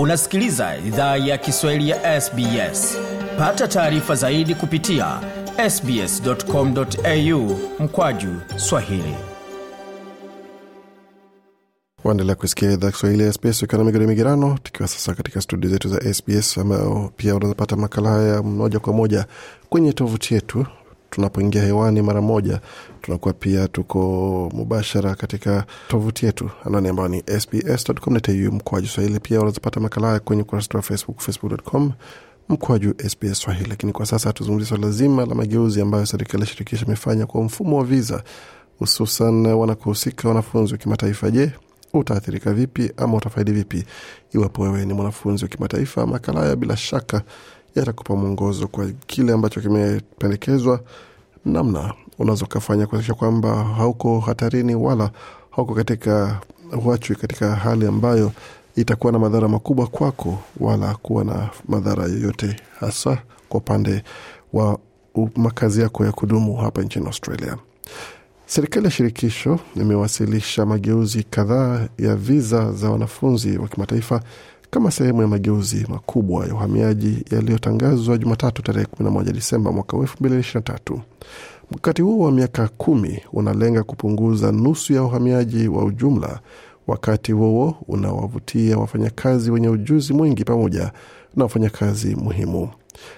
unasikiliza idhaa ya kiswahili ya sbs pata taarifa zaidi kupitia sbscomau mkwaju swahili waendelea kusikia idhaa kiswahili ya SBS ukiwa na migodi migerano, tukiwa sasa katika studio zetu za SBS, ambayo pia unazapata makala haya moja kwa moja kwenye tovuti yetu tunapoingia hewani mara moja tunakuwa pia tuko mubashara katika tovuti yetu anani ambayo ni sbs.com.au mkoaju swahili pia unazipata makala haya kwenye ukurasa wetu wa facebook facebook.com mkwaju SBS Swahili. Lakini kwa sasa tuzungumzia swala zima la mageuzi ambayo serikali ya shirikisho imefanya kwa mfumo wa viza, hususan wanakohusika wanafunzi wa kimataifa. Je, utaathirika vipi ama utafaidi vipi iwapo wewe ni mwanafunzi wa kimataifa? Makala haya bila shaka yatakupa mwongozo kwa kile ambacho kimependekezwa, namna unaweza ukafanya kuakisha kwamba hauko hatarini wala hauko katika huachwi katika hali ambayo itakuwa na madhara makubwa kwako wala kuwa na madhara yoyote, hasa kwa upande wa makazi yako ya kudumu hapa nchini Australia. Serikali ya shirikisho imewasilisha mageuzi kadhaa ya viza za wanafunzi wa kimataifa kama sehemu ya mageuzi makubwa ya uhamiaji yaliyotangazwa Jumatatu tarehe 11 Disemba mwaka 2023. Mkakati huo wa miaka kumi unalenga kupunguza nusu ya uhamiaji wa ujumla, wakati huo unawavutia wafanyakazi wenye ujuzi mwingi pamoja na wafanyakazi muhimu.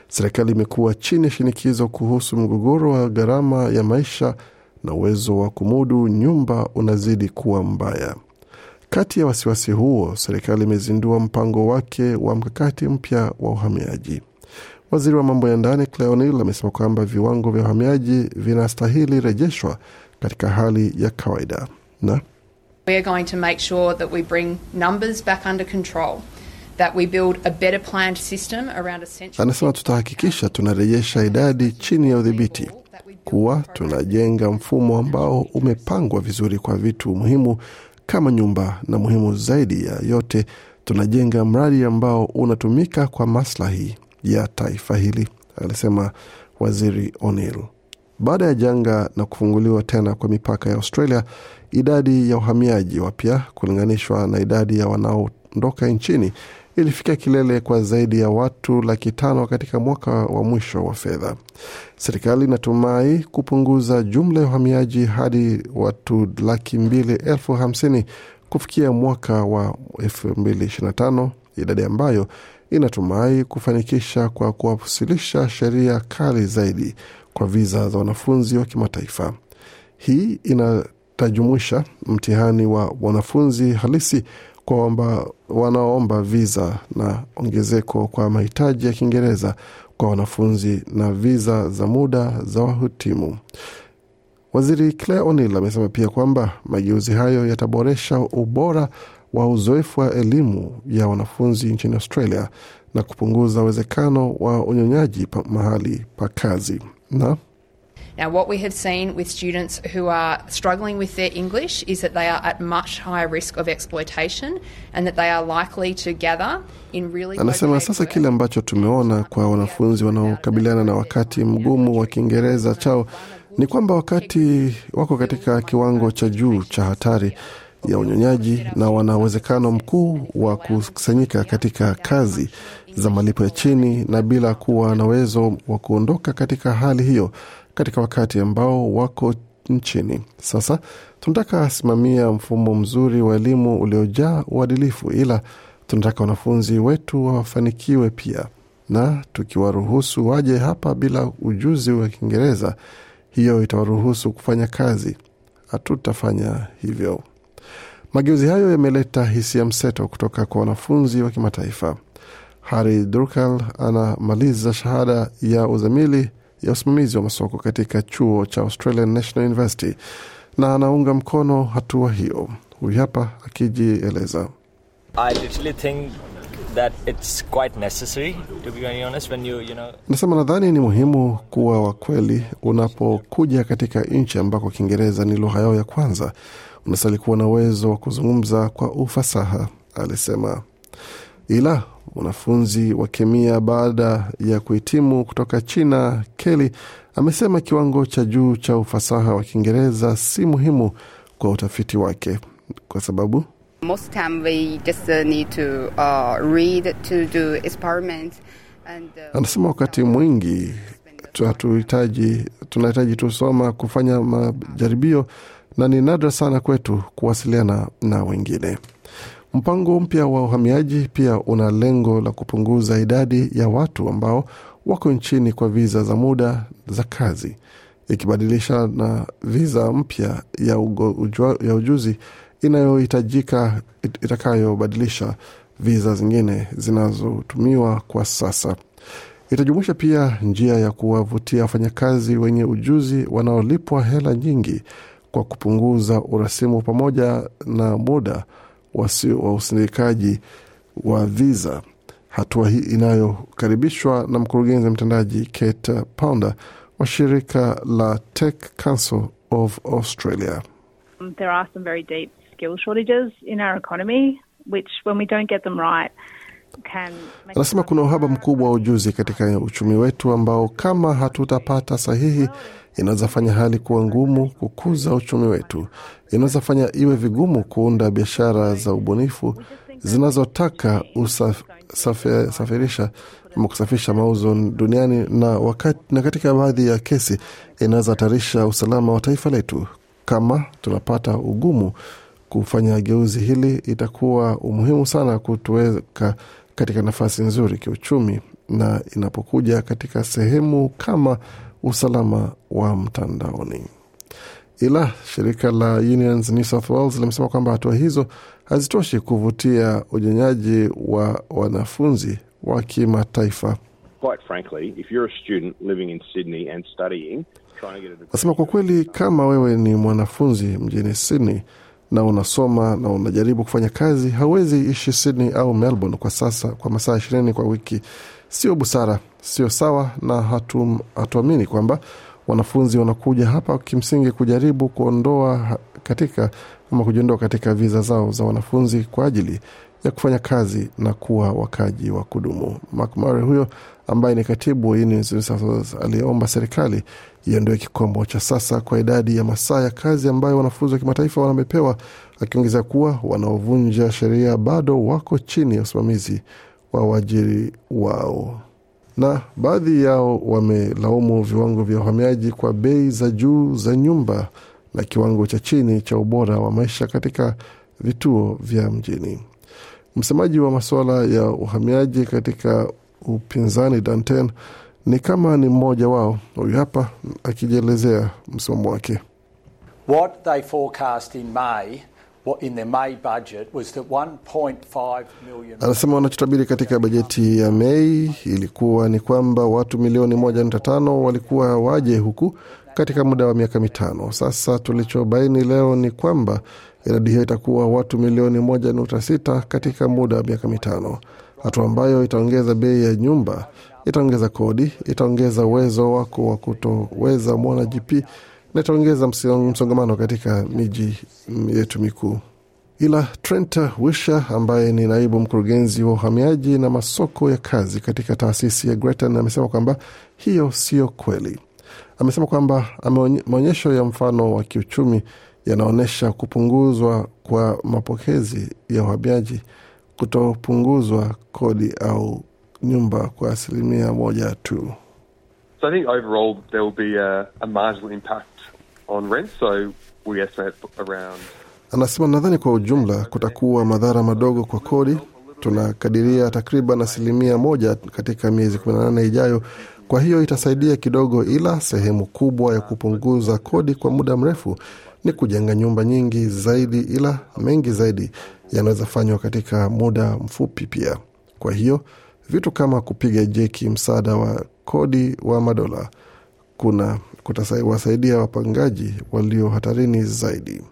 Serikali imekuwa chini ya shinikizo kuhusu mgogoro wa gharama ya maisha na uwezo wa kumudu nyumba unazidi kuwa mbaya. Kati ya wasiwasi huo, serikali imezindua mpango wake wa mkakati mpya wa uhamiaji. Waziri wa mambo ya ndani Cleonil amesema kwamba viwango vya uhamiaji vinastahili rejeshwa katika hali ya kawaida na We are going to make sure that we bring numbers back under control. That we build a better planned system around Anasema tutahakikisha tunarejesha idadi chini ya udhibiti, kuwa tunajenga mfumo ambao umepangwa vizuri kwa vitu muhimu kama nyumba, na muhimu zaidi ya yote, tunajenga mradi ambao unatumika kwa maslahi ya taifa hili, alisema waziri O'Neill. Baada ya janga na kufunguliwa tena kwa mipaka ya Australia, idadi ya uhamiaji wapya kulinganishwa na idadi ya wanao kuondoka nchini ilifikia kilele kwa zaidi ya watu laki tano katika mwaka wa mwisho wa fedha. Serikali inatumai kupunguza jumla ya uhamiaji hadi watu laki mbili elfu hamsini kufikia mwaka wa 2025 idadi ambayo inatumai kufanikisha kwa kuwasilisha sheria kali zaidi kwa viza za wanafunzi wa kimataifa. Hii inatajumuisha mtihani wa wanafunzi halisi kwamba wanaoomba viza na ongezeko kwa mahitaji ya Kiingereza kwa wanafunzi na viza za muda za wahutimu. Waziri Claire onil amesema pia kwamba mageuzi hayo yataboresha ubora wa uzoefu wa elimu ya wanafunzi nchini Australia na kupunguza uwezekano wa unyonyaji pa mahali pa kazi na Now, what we have seen with students who are struggling with their English is that they are at much higher risk of exploitation and that they are likely to gather in really. Anasema sasa kile ambacho tumeona kwa wanafunzi wanaokabiliana na wakati mgumu wa Kiingereza chao ni kwamba wakati wako katika kiwango cha juu cha hatari ya unyonyaji na wana uwezekano mkuu wa kukusanyika katika kazi za malipo ya chini na bila kuwa na uwezo wa kuondoka katika hali hiyo katika wakati ambao wako nchini. Sasa tunataka asimamia mfumo mzuri wa elimu uliojaa uadilifu, ila tunataka wanafunzi wetu wafanikiwe pia, na tukiwaruhusu waje hapa bila ujuzi wa Kiingereza, hiyo itawaruhusu kufanya kazi. Hatutafanya hivyo. Mageuzi hayo yameleta hisia mseto kutoka kwa wanafunzi wa kimataifa. Hari Durkal anamaliza shahada ya uzamili ya usimamizi wa masoko katika chuo cha Australian National University na anaunga mkono hatua hiyo. Huyu hapa akijieleza. Nasema nadhani ni muhimu kuwa wa kweli unapokuja katika nchi ambako Kiingereza ni lugha yao ya kwanza, unastahili kuwa na uwezo wa kuzungumza kwa ufasaha, alisema. Ila mwanafunzi wa kemia baada ya kuhitimu kutoka China, Kelly amesema kiwango cha juu cha ufasaha wa Kiingereza si muhimu kwa utafiti wake kwa sababu uh, uh, uh, anasema wakati mwingi tunahitaji tusoma kufanya majaribio na ni nadra sana kwetu kuwasiliana na wengine. Mpango mpya wa uhamiaji pia una lengo la kupunguza idadi ya watu ambao wako nchini kwa viza za muda za kazi, ikibadilisha na viza mpya ya, ya ujuzi inayohitajika itakayobadilisha viza zingine zinazotumiwa kwa sasa. Itajumuisha pia njia ya kuwavutia wafanyakazi wenye ujuzi wanaolipwa hela nyingi kwa kupunguza urasimu pamoja na muda wa usindikaji wa visa, hatua hii inayokaribishwa na mkurugenzi mtendaji Kate Pounder wa shirika la Tech Council of Australia. Um, there are some very deep skill shortages in our economy which when we don't get them right Anasema kuna uhaba mkubwa wa ujuzi katika uchumi wetu ambao kama hatutapata sahihi inaweza fanya hali kuwa ngumu kukuza uchumi wetu, inaweza fanya iwe vigumu kuunda biashara za ubunifu zinazotaka usafirisha usaf, ama kusafisha mauzo duniani na, wakati, na katika baadhi ya kesi inaweza hatarisha usalama wa taifa letu. Kama tunapata ugumu kufanya geuzi hili, itakuwa umuhimu sana kutuweka katika nafasi nzuri kiuchumi, na inapokuja katika sehemu kama usalama wa mtandaoni. Ila shirika la Unions New South Wales limesema kwamba hatua hizo hazitoshi kuvutia unyanyaji wa wanafunzi wa kimataifa. Nasema kwa kweli, kama wewe ni mwanafunzi mjini Sydney na unasoma na unajaribu kufanya kazi, hauwezi ishi Sydney au Melbourne kwa sasa kwa masaa ishirini kwa wiki sio busara, sio sawa, na hatuamini kwamba wanafunzi wanakuja hapa kimsingi kujaribu kuondoa katika ama kujiondoa katika viza zao za wanafunzi kwa ajili ya kufanya kazi na kuwa wakaji wa kudumu. Mark Murray huyo ambaye ni katibu aliyeomba serikali iondoe kikombo cha sasa kwa idadi ya masaa ya kazi ambayo wanafunzi wa kimataifa wanamepewa, akiongeza kuwa wanaovunja sheria bado wako chini ya usimamizi wa waajiri wao na baadhi yao wamelaumu viwango vya uhamiaji kwa bei za juu za nyumba na kiwango cha chini cha ubora wa maisha katika vituo vya mjini. Msemaji wa masuala ya uhamiaji katika upinzani Danten ni kama ni mmoja wao, huyu hapa akijielezea msimamo wake. What they Anasema wanachotabiri katika bajeti ya Mei ilikuwa ni kwamba watu milioni 1.5 walikuwa waje huku katika muda wa miaka mitano. Sasa tulichobaini leo ni kwamba idadi hiyo itakuwa watu milioni 1.6 katika muda wa miaka mitano, hatua ambayo itaongeza bei ya nyumba, itaongeza kodi, itaongeza uwezo wako wa kutoweza mwona litaongeza msongamano katika miji yetu mikuu. Ila Trent wisha ambaye ni naibu mkurugenzi wa uhamiaji na masoko ya kazi katika taasisi ya gretan amesema kwamba hiyo siyo kweli. Amesema kwamba maonyesho ya mfano wa kiuchumi yanaonyesha kupunguzwa kwa mapokezi ya uhamiaji, kutopunguzwa kodi au nyumba kwa asilimia moja tu. So I think overall there will be a, a marginal impact on rent, so we estimate around. Anasema nadhani kwa ujumla kutakuwa madhara madogo kwa kodi. Tunakadiria takriban asilimia moja katika miezi 18 ijayo, kwa hiyo itasaidia kidogo, ila sehemu kubwa ya kupunguza kodi kwa muda mrefu ni kujenga nyumba nyingi zaidi, ila mengi zaidi yanaweza fanywa katika muda mfupi pia. Kwa hiyo vitu kama kupiga jeki msaada wa kodi wa madola kuna kutawasaidia wapangaji walio hatarini zaidi.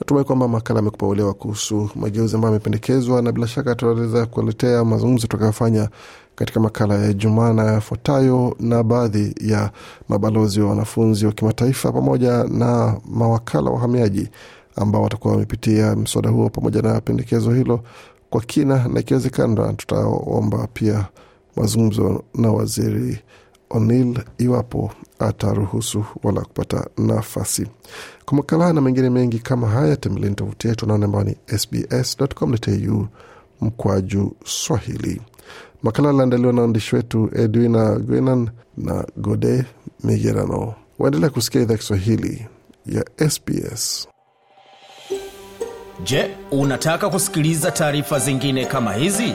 Natumai kwamba makala amekupa uelewa kuhusu mageuzi ambayo amependekezwa, na bila shaka tunaweza kuletea mazungumzo tutakayofanya katika makala ya Jumaa na yafuatayo na baadhi ya mabalozi wa wanafunzi wa kimataifa pamoja na mawakala wa uhamiaji ambao watakuwa wamepitia mswada huo pamoja na pendekezo hilo kwa kina, na ikiwezekana tutaomba pia mazungumzo na waziri O'Neill iwapo ataruhusu wala kupata nafasi. Kwa makala na mengine mengi kama haya, tembeleni tovuti yetu naone ambao ni sbs.com.au mkwaju Swahili. Makala aliandaliwa na waandishi wetu Edwina Gwenan na Gode Migerano. Waendelea kusikia idhaa Kiswahili ya SBS. Je, unataka kusikiliza taarifa zingine kama hizi?